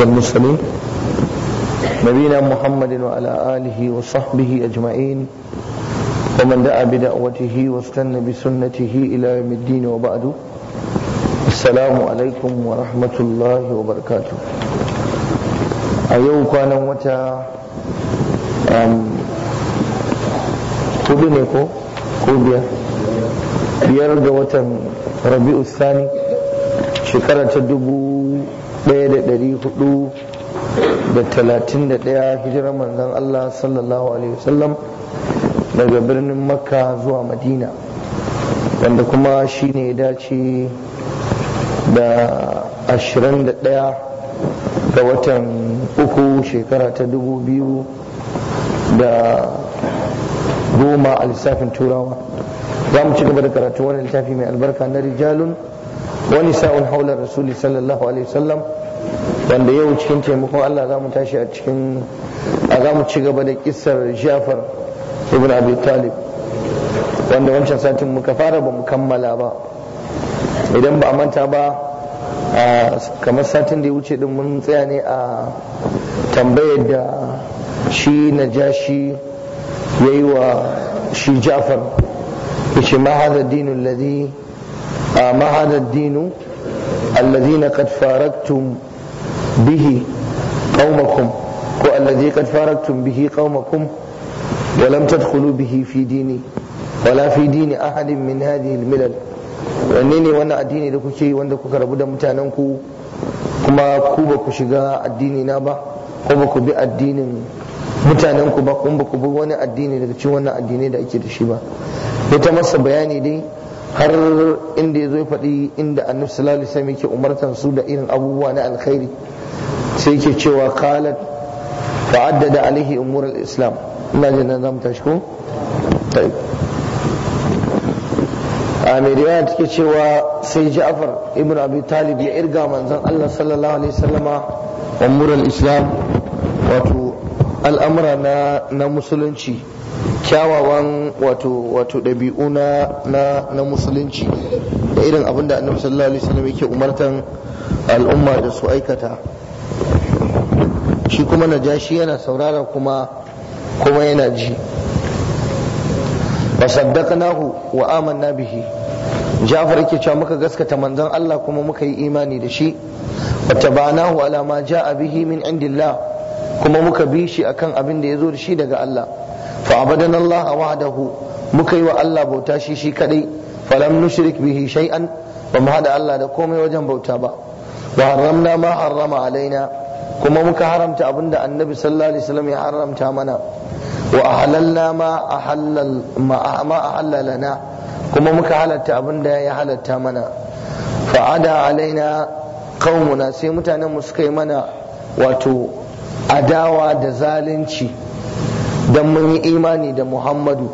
والمرسلين نبينا محمد وعلى آله وصحبه أجمعين ومن دعا بدعوته واستنى بسنته إلى يوم الدين وبعد السلام عليكم ورحمة الله وبركاته أيوه كان متى كوبينيكو كوبيا biyar ga watan rabi'u sani shekara ta dubu 1431 hijirar manzon Allah sallallahu alaihi wasallam daga birnin makka zuwa madina wanda kuma shi ne ya dace da 21 ga watan uku shekara ta 2000 da goma a lissafin turawa za mu ci gaba da karatu wani littafi mai albarka na rijalun wani sa'un haular rasuli sallallahu alaihi wasallam wanda yau cikin taimakon Allah za mu tashi a cikin a za mu ci gaba da kisar Jafar ibn Abi Talib wanda wancan satin muka fara ba mu kammala ba idan ba a manta ba kamar satin da ya wuce din mun tsaya ne a tambayar da shi na shi ya yi wa shi Jafar ya ce ma hada dinin ladi ما هذا الدين الذين قد فارقتم به قومكم والذي قد فارقتم به قومكم ولم تدخلوا به في ديني ولا في دين أحد من هذه الملل wanne وانا wannan da kuke yi wanda kuka rabu da mutanen ku kuma ku ba ku shiga addini na ba ko ba ku bi addinin mutanen ku ba ba ku bi wani addini daga cikin wannan addinai da ake da shi ba ya masa bayani dai har inda ya zo faɗi inda annabi sallallahu alaihi wasallam yake umartan su da irin abubuwa na alkhairi sai yake cewa qalat fa'addada alaihi umur al-islam ina jin nan zamu tashi ko amiriya take cewa sai ja'far ibn abi talib ya irga manzon Allah sallallahu alaihi wasallama umur al-islam wato al'amura na musulunci kyawawan wato ɗabi'u na musulunci da irin abin da annabi sallallahu alaihi wasallam yake umartan al'umma da su aikata shi kuma najashi yana saurara kuma kuma yana ji wa saddaqnahu wa amanna bihi Jafar yake cewa muka gaskata manzon Allah kuma muka yi imani da shi wa tabanahu ala ma ja'a bihi min indillah kuma muka bi shi akan abin da ya zo da shi daga Allah fa a Allah muka yi wa Allah bauta shi shi kadai falam nushrik bihi shay'an ba mu hada Allah da komai wajen bauta ba wa haramna ma harrama alaina kuma muka haramta abinda annabi sallallahu alaihi wasallam ya haramta mana wa ahalalna ma ahallal ma kuma muka halatta abinda ya halarta mana fa'ada alaina qaumuna sai mutane mu suka mana wato adawa da zalunci don mun yi imani da muhammadu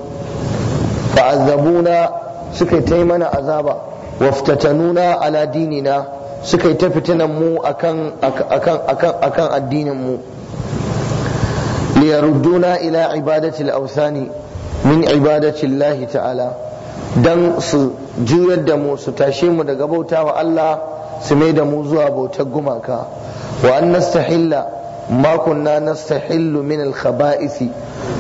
fa'azzabuna suka ta yi mana azaba waftatanuna ala dinina suka yi ta fitinan mu akan addinin mu liyarudduna ila ibadati al-awsani min ibadati Allah ta'ala dan su juyar da mu su tashe mu daga wa Allah su mai da mu zuwa bautar gumaka wa an nastahilla ma na na min al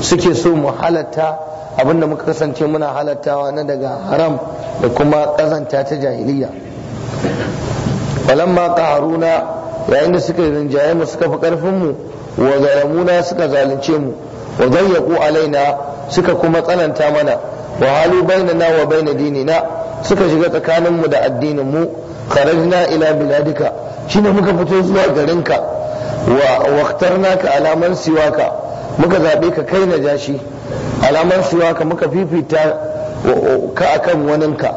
suke so mu halatta abinda muka kasance muna halattawa na daga haram da kuma kazanta ta jahiliya falamma qaharuna yayin da suka rinjaye mu suka fi karfin mu wa zalamuna suka zalunce mu wa zayyaqu alaina suka kuma tsananta mana wa halu bainana wa baina dinina suka shiga tsakanin mu da addinin mu kharajna ila biladika shine muka fito zuwa garinka wa naka alaman siwaka muka zaɓe ka kai na jashi alaman siwaka muka fifita ka akan waninka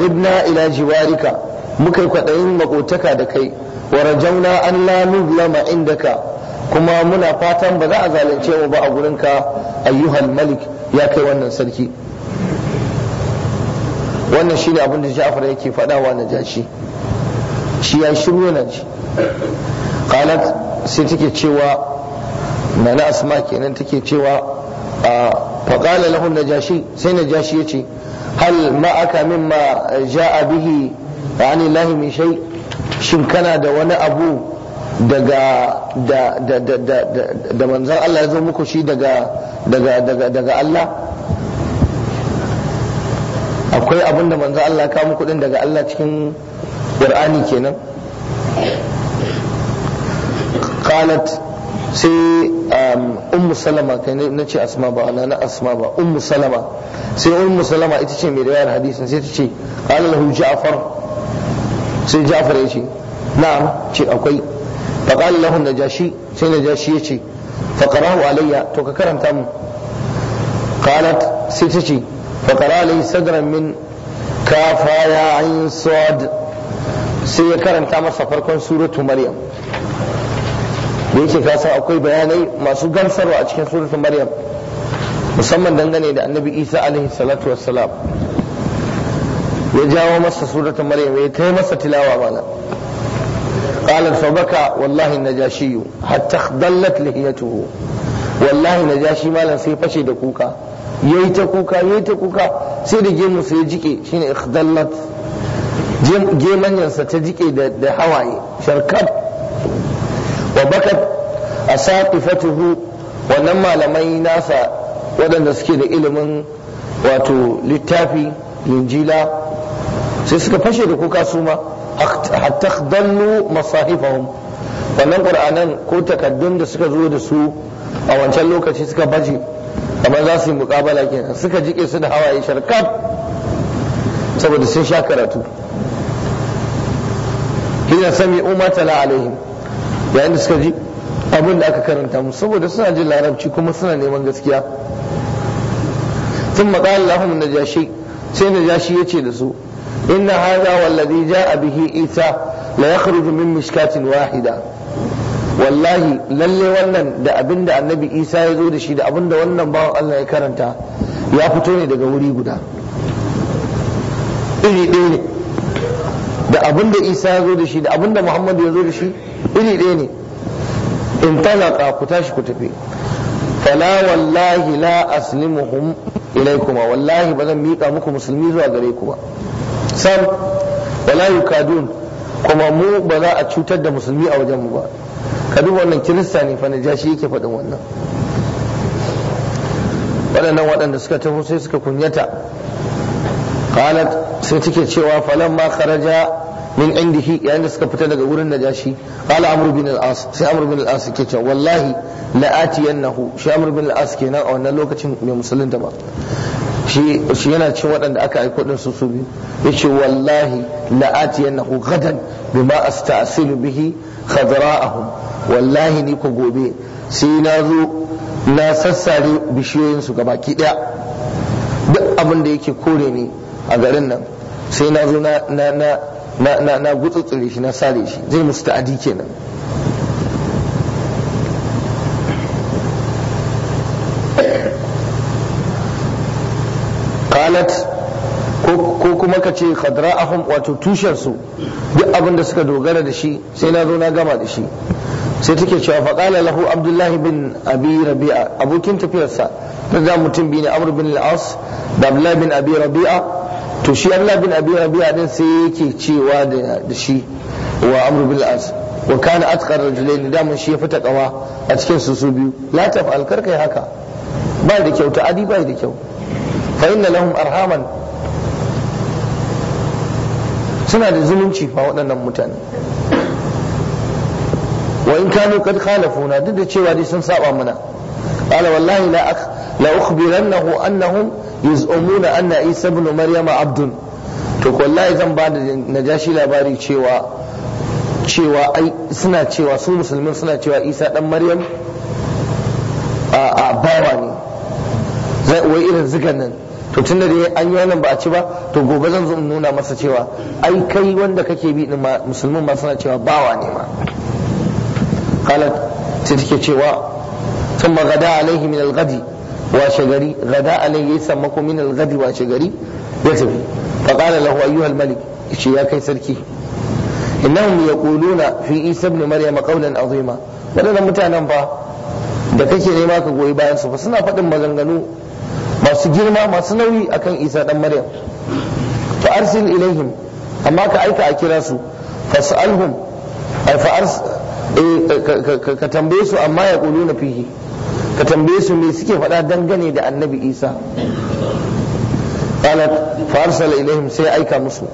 zibna ila jiwarika muka yi kwaɗayin makotaka da kai warajauna an la inda ka kuma muna fatan ba za a zalunce mu ba a gurinka ayyuhal malik ya kai wannan sarki wannan shine abin da Ja'far yake faɗawa na jashi shi ya shiru yana ji qalat sai take cewa na asma kenan take cewa faƙala lahun na jashi sai na jashi najashi yace hal ma ja a bihi ani lahi min sha'i, shin kana da wani abu daga da da Allah ya zo muku shi daga Allah akwai abin da manzan Allah ka muku din daga Allah cikin qur'ani kenan qalat sai um, ummu salama kai na ce asma ba ana na asma ba ummu salama sai ummu salama ita ce mai riwayar hadisin sai ta ce qala lahu ja'far sai ja'far ya ce na'am ce akwai fa qala lahu najashi sai najashi ya ce fa qara'u alayya to ka karanta mu qalat sai ta ce fa qara alayhi sadran min kafaya ayn sad sai ya karanta masa farkon suratu maryam da yake kasa akwai bayanai masu gamsarwa a cikin suratu maryam musamman dangane da annabi isa alaihi salatu wassalam ya jawo masa suratu maryam ya kai masa tilawa mana قال فبكى والله النجاشي حتى اخضلت لحيته wallahi na jashi malam sai fashe da kuka yayi ta kuka yayi ta kuka sai da gemu ya jike shine ikhdallat gemanyansa ta jike da hawaye sharkab wa bakat a saƙifatuhu wannan malamai nasa waɗanda suke da ilimin wato littafi linjila sai suka fashe da kuka su ma hatta dallu masahifahum wannan ƙur'anan ko takaddun da suka zo da su a wancan lokaci suka baje kamar za su yi muƙabala kenan suka jike su da hawaye sharkab saboda sun sha karatu hina sami umar tala alaihim yayin da suka ji abin da aka karanta mu saboda suna jin larabci kuma suna neman gaskiya ثم قال لهم ya ce da su inna haza هذا a جاء به إيسى لا يخرج من مشكاة wahida. wallahi lalle wannan da abin da annabi Isa ya zo da shi da abin da wannan bawan Allah ya karanta ya fito ne daga wuri guda iri ɗaya ne da abin da isa ya zo da shi da abin da muhammadu ya zo da shi iri ɗaya ne in talaka ku tashi ku tafi fala wallahi la aslimuhum ilaikuma wallahi ba zan miƙa muku musulmi zuwa gare ku ba sam wala Kadun kuma mu ba za a cutar da musulmi a wajen mu ba ka wannan kirista ne fa jashi yake faɗin wannan waɗannan waɗanda suka taho sai suka kunyata qalat sai cike cewa falan ma min indihi yayin da suka fita daga wurin najashi qala amr bin al-as sai amr bin al-as ke cewa wallahi la atiyannahu shi amr bin al-as kenan a wannan lokacin mai da ba shi shi yana cin waɗanda aka aiko din su su biyu yace wallahi la atiyannahu gadan bima asta'silu bihi khadra'ahum wallahi ni ko gobe sai na zo na sassare bishiyoyin su gabaki daya duk abin da yake kore ni a garin nan sai na zo na na na gutsutsure shi na sare shi zai musu ta'adi kenan qalat ko kuma ka ce kadara khadra'ahum wato tushensu duk abin da suka dogara da shi sai na zo na gama da shi sai take cewa faƙala lahu abdullahi bin abi rabi'a abokin tafiyarsa da mutum bi ne amr bin al-as da abdullahi bin abi rabi'a to shi Allah bin Abi Rabi'a din sai yake cewa da shi wa Amr bin As wa kana atqar rajulaini mun shi ya fita kawa a cikin su su biyu la taf'al karkai haka ba da kyau ta a'di ba da kyau fa inna lahum arhaman suna da zumunci fa waɗannan mutane wa in kanu kad khalafuna duk da cewa dai sun saba mana qala wallahi la la ukhbirannahu annahum yuz'umuna anna isa ibn maryama abdun to wallahi zan ba da najashi labari cewa cewa ai suna cewa su musulmin suna cewa isa dan maryam a bawa ne zai wai irin zigan nan to tun da dai an yi wannan ba a ci ba to gobe zan zo in nuna masa cewa ai kai wanda kake bi din musulmin ma suna cewa bawa ne ma kala ta take cewa ثم gada عليه min الغد washe gari gada alai yayi sammako min al-ghadi washe gari ya tafi fa qala lahu ayyuha malik shi ya kai sarki innahum yaquluna fi isa ibn maryam qawlan azima wadannan mutanen fa da kake nema ka goyi bayan su fa suna faɗin maganganu masu girma masu nauyi akan isa dan maryam fa arsil ilaihim amma ka aika a kira su fas'alhum fa ars eh, ka tambaye su amma yaquluna fihi ka tambaye su me suke faɗa dangane da annabi isa qalat fa arsala ilaihim sai aika musu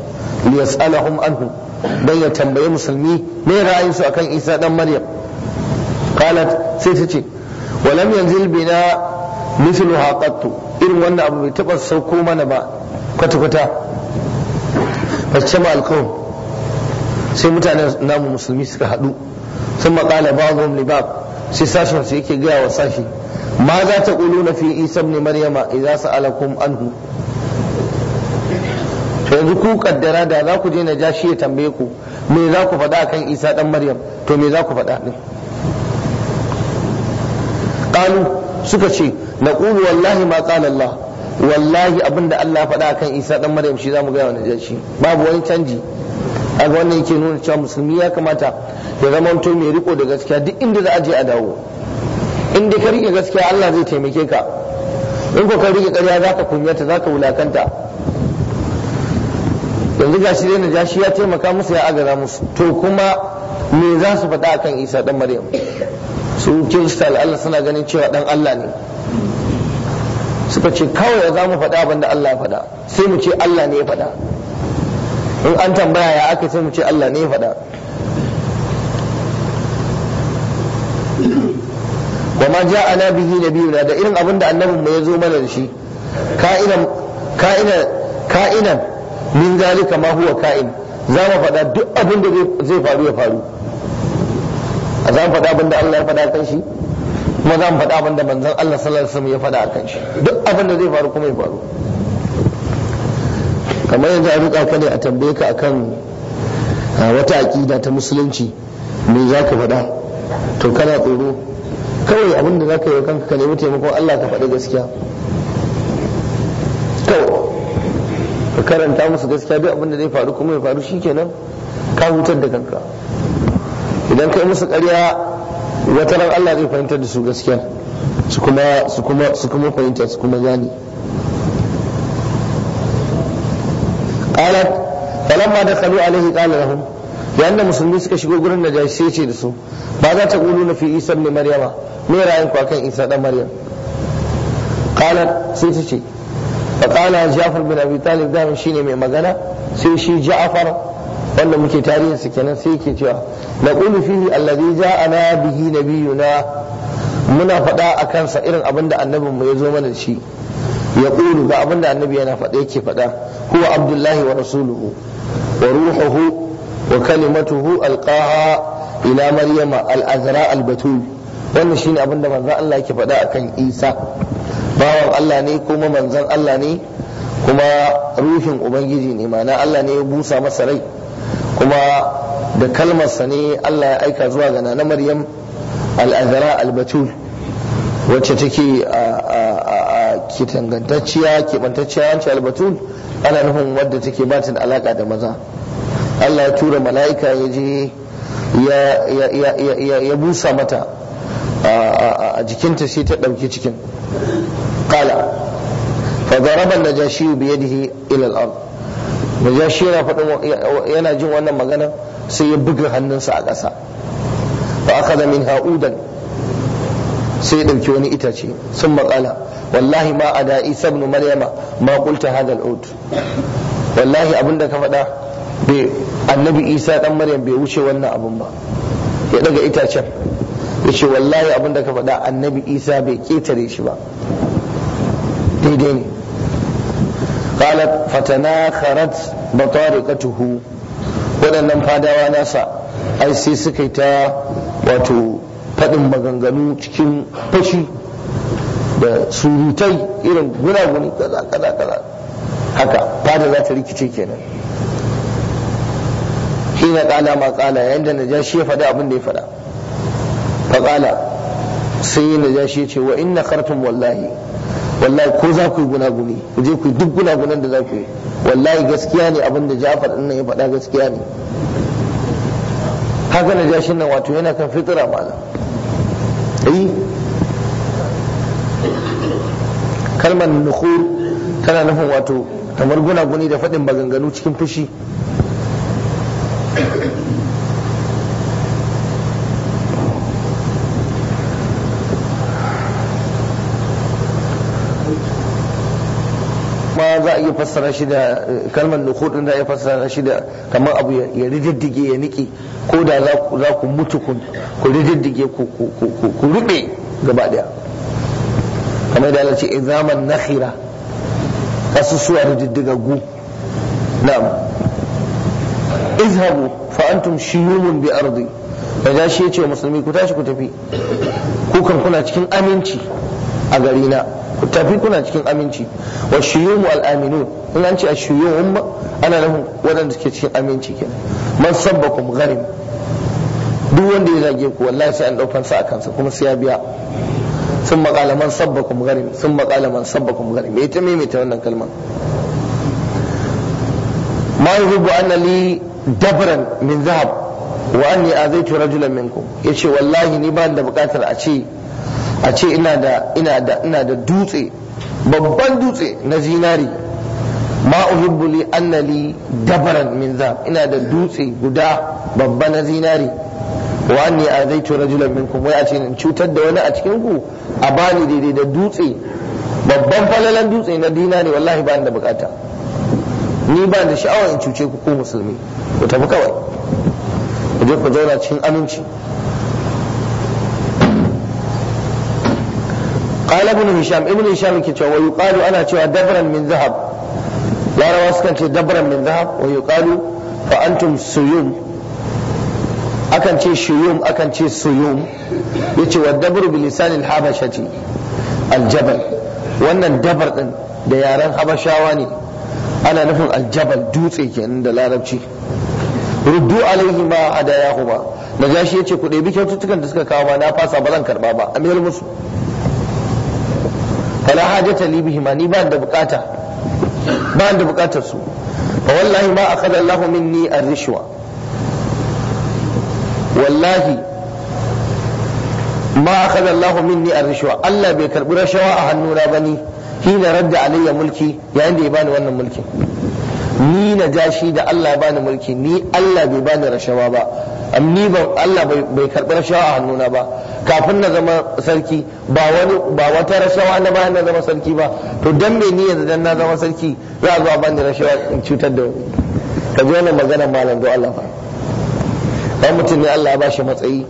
liyas'alahum anhu dan ya tambaye musulmi me ra'ayin su akan isa dan maryam qalat sai ta ce walam yanzil bina mithluha qattu irin wannan abu bai taba sauko mana ba kwata kwata bacce ma alkawun sai mutanen namu musulmi suka haɗu sun maƙala ba'dhum li ba'd sai sashen su yake gaya wa sashi ma za ta na fi isa ne maryama idan sa'alakum anhu to yanzu ku kaddara da za ku je na ja shi ya tambaye ku me za ku faɗa akan isa ɗan maryam to me za ku faɗa din Ƙalu suka ce na ƙulu wallahi ma qala wallahi abinda allah faɗa akan isa ɗan maryam shi za mu gaya wa na shi babu wani canji kaga wannan yake nuna cewa musulmi ya kamata ya zama mutum mai riko da gaskiya duk inda za a je a dawo in dai ka rike gaskiya Allah zai taimake ka in ko ka rike ƙarya za ka kunyata za ka wulakanta yanzu gashi dai na jashi ya taimaka musu ya agara musu to kuma me za su faɗa akan isa dan maryam su kirista Allah suna ganin cewa dan Allah ne suka ce kawai za mu faɗa abin da Allah ya faɗa sai mu ce Allah ne ya faɗa in an tambaya ya aka sai mu ce Allah ne ya faɗa wa ma ja'ana bihi nabiyuna da irin abin da annabin mu ya zo mana da shi ka'inan ka'inan ka'inan min zalika ma huwa ka'in za mu faɗa duk abin da zai faru ya faru a za mu faɗa abin da Allah ya faɗa kan shi kuma za mu faɗa abin da manzon Allah sallallahu alaihi wasallam ya faɗa kan shi duk abin da zai faru kuma ya faru kamar yanzu a rika ka ne a tambaye ka akan wata aƙida ta musulunci me za ka faɗa to kana tsoro kawai abin da za ka yi kanka ka nemi taimakon Allah ka faɗi gaskiya to ka karanta musu gaskiya duk abin da zai faru kuma ya faru shikenan ka hutar da kanka idan kai musu ƙarya wata ran Allah zai fahimtar da su gaskiya su kuma su kuma su kuma fahimta su kuma gani qalat falamma dakhalu alaihi qala lahum yayin da musulmi suka shiga gurin najashi sai ce da su ba za ta quluna fi isa ne maryama me ra'ayin ku akan isa dan maryam qalat sai ta ce fa qala ja'far bin abi talib da shine mai magana sai shi ja'far wanda muke tarihin su kenan sai ke cewa a na alladhi na biyu na, muna faɗa a kansa irin abin da annabinmu ya zo mana da shi ya ƙulu abinda abin da annabi yana faɗa yake faɗa huwa abdullahi wa rasuluhu wa ruhuhu wa kalimatuhu alqaha ila maryama al-azra al-batul wannan shine abin da manzon Allah yake faɗa akan Isa bawan Allah ne kuma manzon Allah ne kuma ruhin ubangiji ne ma'ana Allah ne ya busa masa rai kuma da kalmarsa ne Allah ya aika zuwa ga na Maryam al-azra al-batul wacce take a ke tangantacciya keɓantacciya wancan albatul ana nufin wadda take batin alaka da maza Allah ya tura mala'ika ya je ya busa mata a jikinta sai ta ɗauki cikin kala fadaraban da jashi biyadihi ilal ard najashi yana faɗin yana jin wannan magana sai ya buga hannunsa a ƙasa fa aka min ha'udan sai ya ɗauki wani itace sun maƙala wallahi ma a da isa ibn maryama ma qulta hadha al wallahi abinda ka faɗa bai annabi isa dan maryam bai wuce wannan abun ba ya daga itacen ya ce wallahi abinda ka faɗa annabi isa bai ketare shi ba daidai ne fatana kharat batariqatuhu waɗannan fadawa nasa ai sai suka yi ta wato faɗin maganganu cikin fashi da surutai irin gunaguni kaza kaza kaza haka fata za ta rikice kenan hina kala ma kala yayin da shi ya faɗi abin da ya faɗa fa kala sai shi ya ce wa inna kartum wallahi wallahi ko za ku yi gunaguni ku je ku yi duk gunagunan da za ku yi wallahi gaskiya ne abin da Ja'far din nan ya faɗa gaskiya ne haka na shi nan wato yana kan fitira malam eh kalmar nukhur tana nufin wato kamar gunaguni da faɗin maganganu cikin fushi ma za a iya fassara shi da eh, kalmar nukhur din za a fassara shi da kamar abu ya rididdige ya niki ko da za ku mutu ku rididdige ku rube gaba daya kamar da ce izaman nakhira kasusuwa da diddigaggu na izhabu fa antum shiyumun bi ardi da ja shi wa musulmi ku tashi ku tafi kukan kuna cikin aminci a gari na ku tafi kuna cikin aminci wa shiyumu al aminu in an ce ba ana da wadanda suke cikin aminci kenan man sabbakum gharim duk wanda ya zage ku wallahi sai an ɗaukansa a kansa kuma sai ya biya sun makalaman sabbakum ganim sun makalaman sabbakum ganim me ta maimaita wannan kalmar ma yuhibbu an li dabran min zahab wa anni azaitu rajulan minkum ce wallahi ni ba da buƙatar a ce a ce ina da ina da ina da dutse babban dutse na zinari ma uhibbu li anna li dabran min zahab ina da dutse guda babba na zinari wa zai tura julan minkum wai a ce in cutar da wani a cikin ku a bani daidai da dutse babban falalan dutse na dina ne wallahi ba da bukata ni ba da sha'awar in cuce ku ko musulmi ku tafi kawai ku je ku zauna cikin aminci قال ابن هشام ابن هشام كتاب ويقال انا تشوى دبرا من ذهب لا رواسك دبرا من ذهب ويقال فانتم سيوم akan ce shuyum akan ce suyum yace wa dabru bi lisanil habashati aljabal wannan dabar din da yaren habashawa ne ana nufin aljabal dutse kenan da larabci ruddu alaihi ma hadayahuma gashi yace ku ɗebi kyaututtukan da suka kawo ma na fasa ba zan karba ba a musu fala hajata li ma ni ba da bukata ba da bukatar su fa wallahi ma akhadha Allahu minni ar-rishwa wallahi ma akhadha Allah minni ar-rishwa Allah bai karbi rashawa a hannuna bane hina radda alayya mulki yayin da ya bani wannan mulki? ni na jashi da Allah bani mulki ni Allah bai bani rashawa ba ni ba Allah bai karbi rashawa a hannuna ba kafin na zama sarki ba wani ba wata rashawa na bayan na zama sarki ba to dan me ni yanzu dan na zama sarki za a zo a bani rashawa in cutar da ka ji wannan magana malam don Allah fa ba mutum ne Allah ba shi matsayi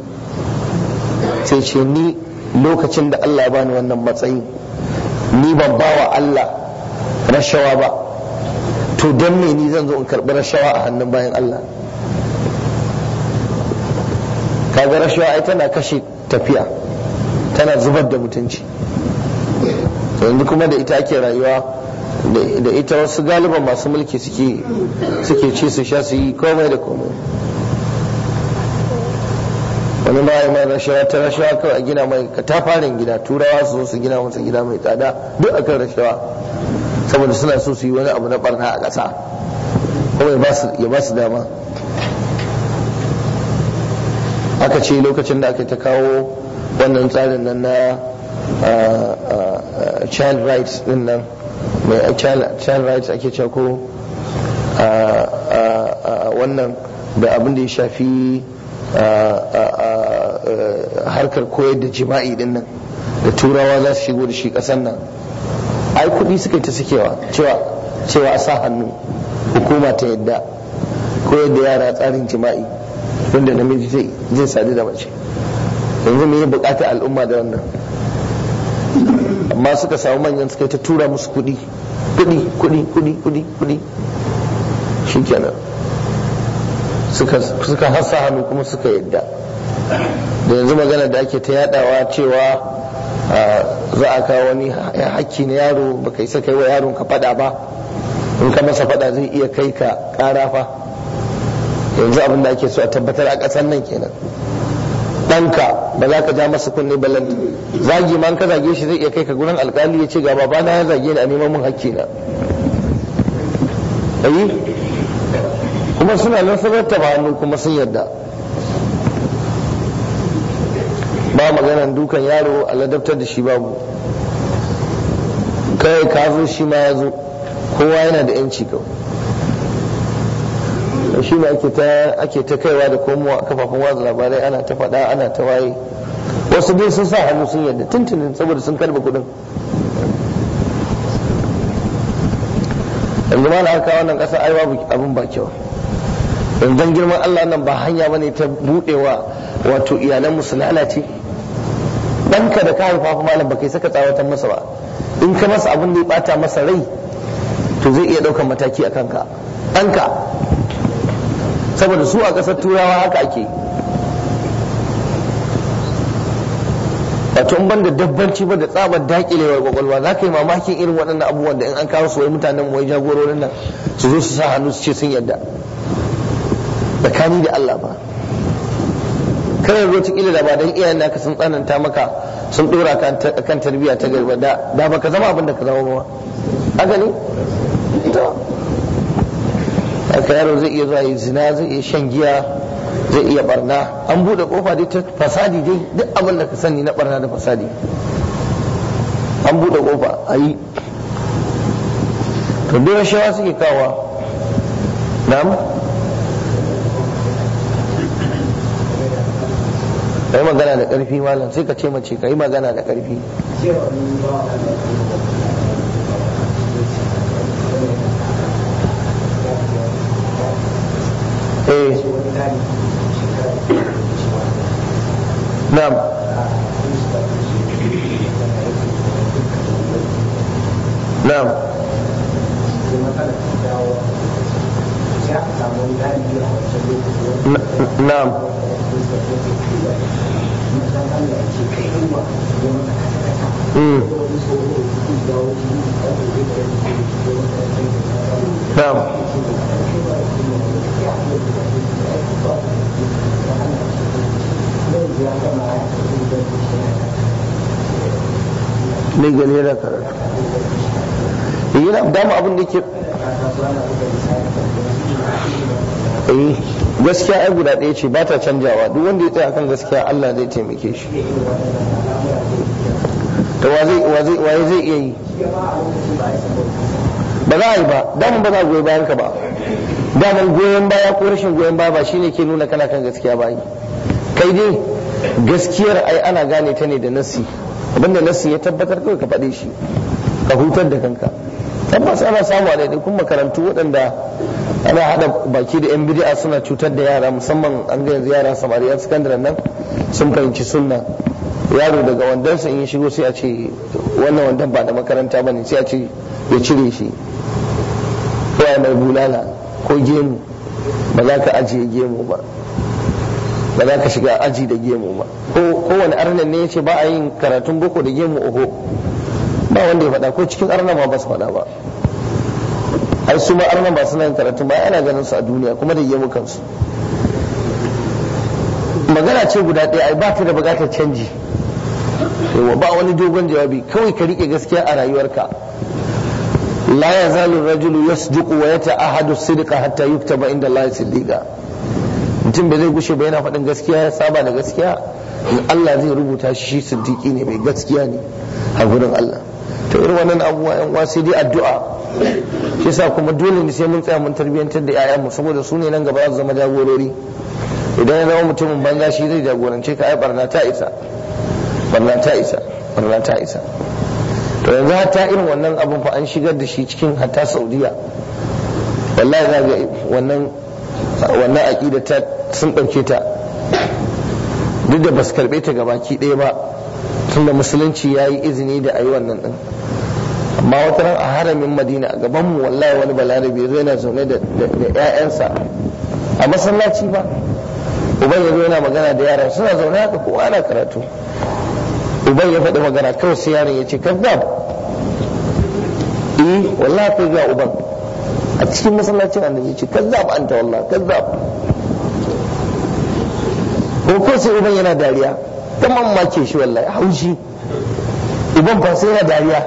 sai ce ni lokacin da Allah ba bani wannan matsayi ni ban bawa Allah rashawa ba to don me ni zan zo in karɓi rashawa a hannun bayan Allah kaga rashawa ai tana kashe tafiya tana zubar da mutunci yanzu kuma da ita ake rayuwa da ita wasu galiban masu mulki suke ce su sha su yi komai da komai wani ma ma na ta rashawa kawai a gina mai katafarin gida turawa su su gina masa gida mai tsada duk akan rashawa saboda suna so su yi wani abu na barna a ƙasa kuma ya ba su dama aka ce lokacin da aka ta kawo wannan tsarin nan na child rights din nan mai child rights ake cewa ko wannan da abin da ya shafi Eh, harkar koyar da jima'i din nan da turawa za su shigo da shi kasan nan ai kuɗi suka ta sukewa cewa cewa a sa hannu hukuma ta yadda koyar da yara tsarin jima'i wanda namiji zai sadu da mace yanzu me ya bukata al'umma da wannan amma suka samu manyan suka ta tura musu kuɗi kuɗi kuɗi kuɗi kuɗi kuɗi shikenan suka suka hasa hannu kuma suka yadda da yanzu magana da ake ta yadawa cewa za a kawo wani hakki na yaro baka isa kai wa yaron ka fada ba in ka masa fada zai iya kai ka kara fa yanzu abin da ake so a tabbatar a ƙasar nan kenan ɗanka ba za ka ja masa kunne balan zagi ma ka zage shi zai iya kai ka gurin alkali ya ce ga babana ya zage ni a neman mun hakki na kuma suna nan sun rattaba hannu kuma sun yarda ba maganan dukan yaro a ladabtar da shi babu kai ka zo shi ma ya zo kowa yana da yanci kawai shi ne ake ta kaiwa da komowa a kafafen watsa labarai ana ta faɗa ana ta waye wasu dai sun sa hannu sun yadda tuntunin saboda sun karba kuɗin yanzu ma na aka wannan ƙasa ai babu abin ba kyau yanzu girman Allah nan ba hanya ne ta buɗewa wato iyalan musu lalace ɗanka da ka haifa fa malam baka saka tsawatar masa ba in ka masa abin da ya bata masa rai to zai iya ɗaukar mataki a kanka ɗanka saboda su a kasar turawa haka ake wato in ban da dabbanci ba da tsabar dakilewar kwakwalwa za ka yi mamakin irin waɗannan abubuwan da in an kawo su wai mutanen wai jagororin nan su zo su sa hannu su ce sun yadda tsakani da Allah ba kai yanzu wataƙila da ba dan iyayen naka sun tsananta maka sun dora kan tarbiyya ta garba da da baka zama abin da ka zama ba a gani to aka yaro zai iya zuwa yi zina zai iya shan giya zai iya barna an buɗe kofa dai ta fasadi dai duk abin da ka sani na barna da fasadi an buɗe kofa a yi to duk shawa suke kawa na'am kai magana da karfi malam sai ka ce mace ka yi magana da karfi eh. Na'am. نعم mai gani yana karatu yana dama abin da ke eh gaskiya ai guda ɗaya ce ba ta canjawa duk wanda ya tsaya kan gaskiya Allah zai taimake shi ta wa zai waye zai iya yi ba za a yi ba damun ba za a goyi bayan ka ba damun goyon baya ko rashin goyon baya ba shine ke nuna kana kan gaskiya ba kai dai gaskiyar ai ana gane ta ne da nasi abinda nasi ya tabbatar kawai ka faɗe shi ka hutar da kanka tabbas ana samu ne kun makarantu waɗanda ana hada baki da yan bidi'a suna cutar da yara musamman an ga yanzu yara samari yan sakandare nan sun fahimci sunna yaro daga wandonsa in ya shigo sai a ce wannan wandan ba da makaranta bane sai a ce ya cire shi ko mai bulala ko gemu ba za ka ajiye gemu ba ba za ka shiga aji da gemu ba ko kowane arnan ne ya ce ba a yin karatun boko da gemu oho ba wanda ya fada ko cikin arna ba su fada ba ai su ma arna ba suna yin karatu ba ana ganin su a duniya kuma da yamu kansu magana ce guda ɗaya ai ba ta da buƙatar canji yawa ba wani dogon jawabi kawai ka rike gaskiya a rayuwarka la yazalu rajulu yasduqu wa yata'ahadu sidqa hatta yuktaba inda Allah siddiqa mutum bai zai gushe ba yana faɗin gaskiya ya saba da gaskiya in Allah zai rubuta shi siddiqi ne mai gaskiya ne a gurin Allah ta irin wannan abubuwa yan uwa sai dai addu'a shi sa kuma dole ne sai mun tsaya mun tarbiyyantar da 'ya'yanmu saboda su ne nan gaba za su zama jagorori idan ya zama mutumin banza shi zai jagorance ka ai barna ta isa barna ta isa barna ta isa to yanzu hatta irin wannan abun fa an shigar da shi cikin hatta saudiya wallahi za ga wannan wannan aqida ta sun dauke ta duk da basu karbe ta gabaki ɗaya ba tunda musulunci ya yi izini da a yi wannan ɗin amma wata ran a haramin madina a gabanmu wallahi wani balarabe zai na zaune da 'ya'yansa a masallaci ba uban ya zo yana magana da yara suna zaune haka kowa ana karatu uban ya faɗi magana kawai sai yaron ya ce kaddam eh wallahi kai ga uban a cikin masallacin annabi ce kazzab anta wallahi kazzab ko ko sai uban yana dariya ta mamake shi wallahi haushi uban ba sai na dariya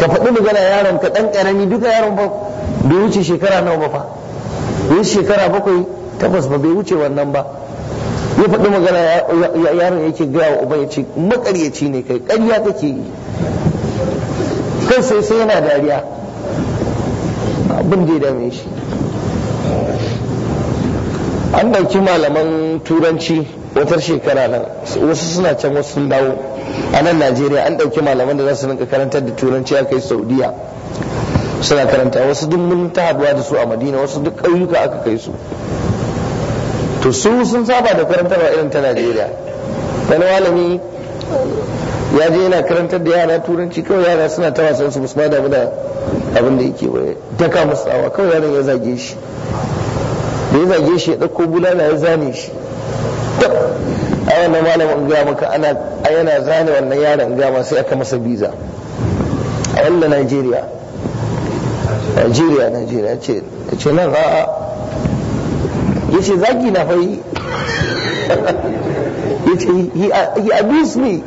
ka faɗi magana yaron ka ɗan ƙarami duka yaron ba bai wuce shekara nawa ba fa bai wuce shekara bakwai takwas ba bai wuce wannan ba ya faɗi magana yaron yake gaya wa uban ya ce maƙaryaci ne kai ƙarya kake yi kai sai sai yana dariya abin da ya dame shi an ɗauki malaman turanci watar shekara nan wasu suna can wasu sun dawo a nan najeriya an ɗauki malaman da za su rinka karantar da turanci a kai saudiya suna karanta wasu duk mun ta haduwa da su a madina wasu duk ƙauyuka aka kai su to su sun saba da karantarwa irin ta najeriya wani malami ya je yana karantar da yara turanci kawai yara suna ta wasan su musamman da da abin da yake bai daka musu tsawa kawai yaran ya zage shi da ya zage shi ya ɗauko bulala ya zane shi tab a wannan malamin ga maka ana yana zane wannan yaron ga ma sai aka masa biza a wannan Najeriya Najeriya Najeriya ce ce nan a'a ce zagi na fa yi yace he abused me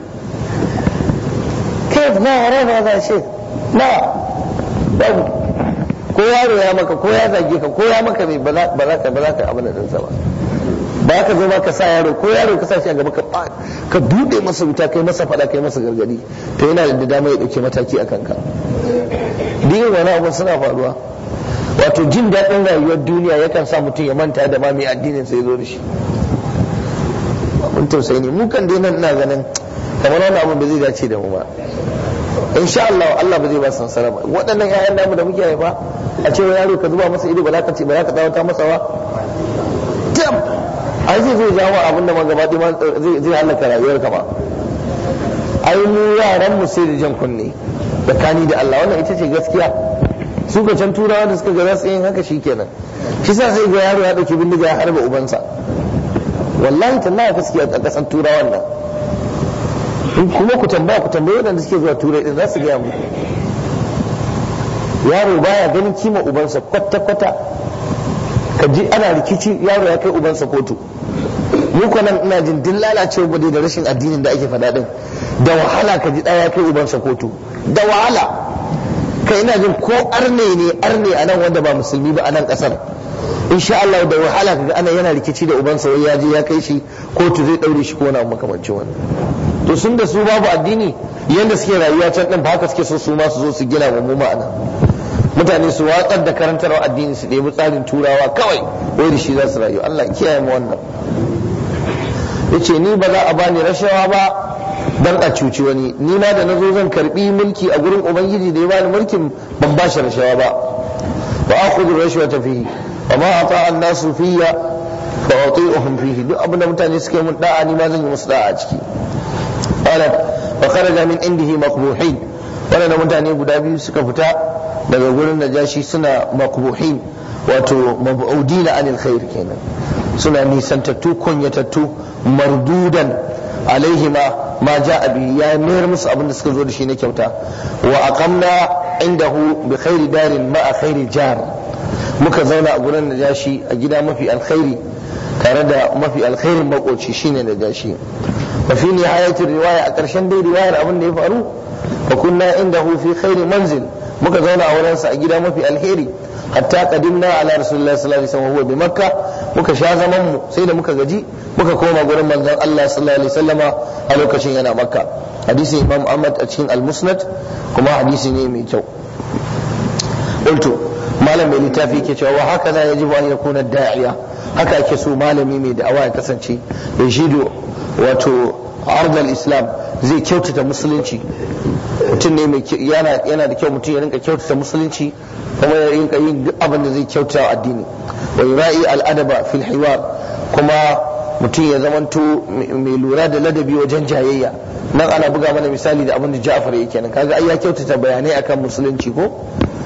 كيف ما أراد هذا شيء لا بل ko yaro ya maka ko ya zage ka ko ya maka mai ba za ka ba za ka abin da ba ba ka zo ba ka sa yaro ko yaro ka sa shi a gaba ka ka bude masa wuta kai masa fada kai masa gargadi to yana da dama ya dauke mataki a kanka dinin wani abu suna faruwa wato jin daɗin rayuwar duniya yakan sa mutum ya manta da ma mai addinin sai zo da shi mun tausayi ne mu kan dai nan ina ganin kamar wani abu da zai dace da mu ba insha Allah Allah ba zai ba san sarama waɗannan ƴaƴan namu da muke haifa a cewa yaro ka zuba masa ido ba za ka ce ba za ka tsawata masa ba ai zai zai jawo abin da magaba zai halaka rayuwar ka ba ai mu yaran mu sai da jan kunne da kani da Allah wannan ita ce gaskiya su ka can turawa da suka ga za su yin haka shikenan shi sa sai ga yaro ya dauki bindiga ya harba ubansa wallahi tallahi gaskiya a kasar turawan nan kuma ku tambaya ku tambaye wadanda suke zuwa turai din za su gaya muku yaro baya ganin kima ubansa kwata-kwata ka ji ana rikici yaro ya kai ubansa kotu mu nan ina jin din lalacewa gwade da rashin addinin da ake faɗa din da wahala ka ji ɗaya kai ubansa kotu da wahala ka ina jin ko arne ne arne a nan wanda ba musulmi ba a nan ƙasar insha Allah da wahala ga ana yana rikici da ubansa wai ya je ya kai shi kotu zai ɗaure shi ko na abu makamancin wani to sun da su babu addini yanda suke rayuwa can ɗin ba haka suke so su ma su zo su gina wa mu ma'ana mutane su watsar da karantarwa addini su ɗebi tsarin turawa kawai wai da shi za su rayu Allah kiyaye mu wannan yace ni ba za a bani rashawa ba dan a cuci wani ni na da nazo zan karbi mulki a gurin ubangiji da ya bani mulkin ban ba shi rashawa ba wa akhudhu rashwata fihi wa ma ata an-nasu fiyya fa uti'uhum fihi duk abinda mutane suke mun da'a ni ma zan yi musu da'a a ciki qalat fa kharaja min indihi maqbuhin wannan mutane guda biyu suka fita daga gurin najashi suna maqbuhin wato mab'udina anil khair kenan suna nisantattu kunyatattu mardudan alaihima ma ja abi ya mayar musu abin da suka zo da shi na kyauta wa aqamna indahu bi khairi darin ma a khairi jar muka zauna a gurin jashi a gida mafi alkhairi tare da mafi alkhairin makoci shine najashi wa fi nihayatir riwaya a ƙarshen dai riwayar abin da ya faru fa kunna indahu fi khairi manzil muka zauna a sa a gida mafi alheri hatta kadinna ala rasulullah sallallahu alaihi wasallam huwa bi makka muka sha zaman mu sai da muka gaji muka koma gurin manzon Allah sallallahu alaihi wasallama a lokacin yana makka hadisi imam ahmad a cikin al-musnad kuma hadisi ne mai kyau qultu malam mai littafi ke cewa haka za ya yajibu an kuna da'iya haka ake so malami mai da'awa ya kasance shido wato ardal islam zai kyautata musulunci mutum ne yana da kyau mutum ya rinka kyautata musulunci kuma ya rinka yin abin da zai kyautata addini wa yura'i al'adaba fil hiwar kuma mutum ya zamanto mai lura da ladabi wajen jayayya nan ana buga mana misali da abin da ya yake nan kaga ai ya kyautata bayanai akan musulunci ko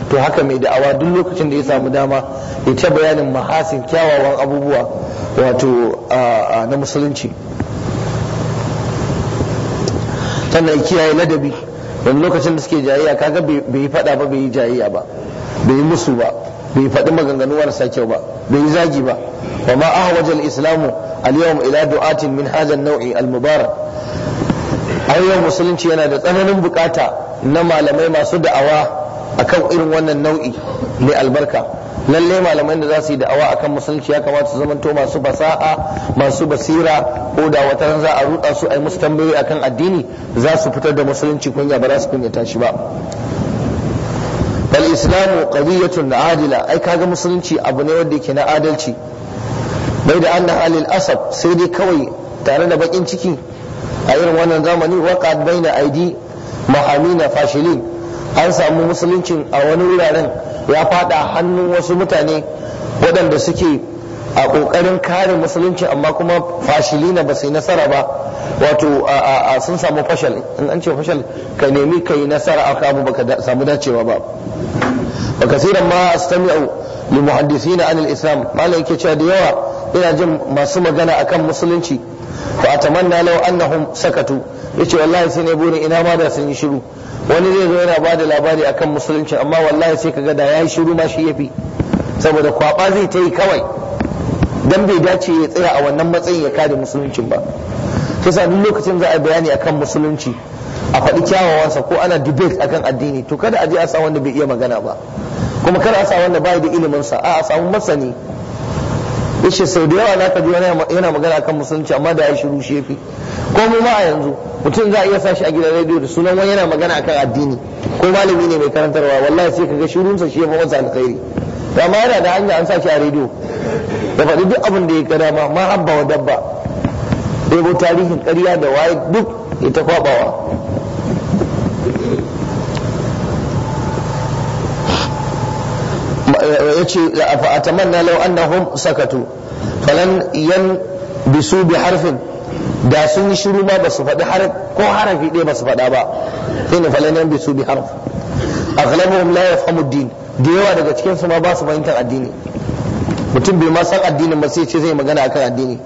to haka mai da'awa duk lokacin da ya samu dama ya ta bayanin mahasin kyawawan abubuwa wato na musulunci tana kiyaye ladabi wani lokacin da suke jayayya kaga bai yi fada ba bai yi jayayya ba bai yi musu ba bai faɗi maganganu marasa kyau ba bai yi zagi ba wa ma wajen islamu al-yawm ila du'atin min hadha an-naw'i al-mubarak yau musulunci yana da tsananin bukata na malamai masu da'awa a kan irin wannan nau'i mai albarka lallai malamai da za su yi da'awa akan musulunci ya kamata su zamanto masu fasaha masu basira ko da wata ran za a ruɗa su a yi musu tambayoyi akan addini za su fitar da musulunci kunya ba za su kunya tashi ba bal islamu qadiyatun adila ai kaga musulunci abu ne wanda yake na adalci bai da anna halil asab sai dai kawai tare da bakin ciki a irin wannan zamani waqad baina aidi mahamina fashilin an samu musuluncin a wani wuraren ya fada hannun wasu mutane waɗanda suke a ƙoƙarin kare musulunci amma kuma fashili na ba su yi nasara ba wato sun samu fashal in an ce fashal ka nemi ka yi nasara aka abu baka samu dacewa ba wa kasiran ma astami'u li na anil islam malam yake cewa da yawa ina jin masu magana akan musulunci fa atamanna law annahum sakatu ce wallahi sai ne burin ina ma da sun yi shiru wani zai zo yana bada labari akan musulunci amma wallahi sai ka kaga da yayi shiru ma shi yafi saboda kwaba zai ta yi kawai dan bai dace ya tsaya a wannan matsayi ya kada musuluncin ba sai duk lokacin za a bayani akan musulunci a faɗi kyawawansa ko ana debate akan addini to kada a je a sa wanda bai iya magana ba kuma kada a sa wanda bai da ilimin sa a a samu masani yace sau da yawa zaka ji yana magana akan musulunci amma da ya shiru shi yafi ko mu ma a yanzu mutum za a iya sashi a gidan rediyo da sunan wani yana magana akan addini ko malami ne mai karantarwa wallahi sai kaga shirunsa shi yafi masa alkhairi da ma yana da hanya an sashi a rediyo da faɗi duk abin da ya kada ma ma habba wa dabba ɗebo tarihin ƙarya da waye duk ya ta kwabawa yace fa atamanna law annahum sakatu falan yan bisu harfin da sun yi shiru ma su faɗi harf ko harafi ɗaya su faɗa ba sai shine falen yan bisu bi harf aghlabuhum la yafhamu din da yawa daga cikinsu ma ba su fahimtar addini mutum bai ma san addinin ba sai ce zai magana akan addini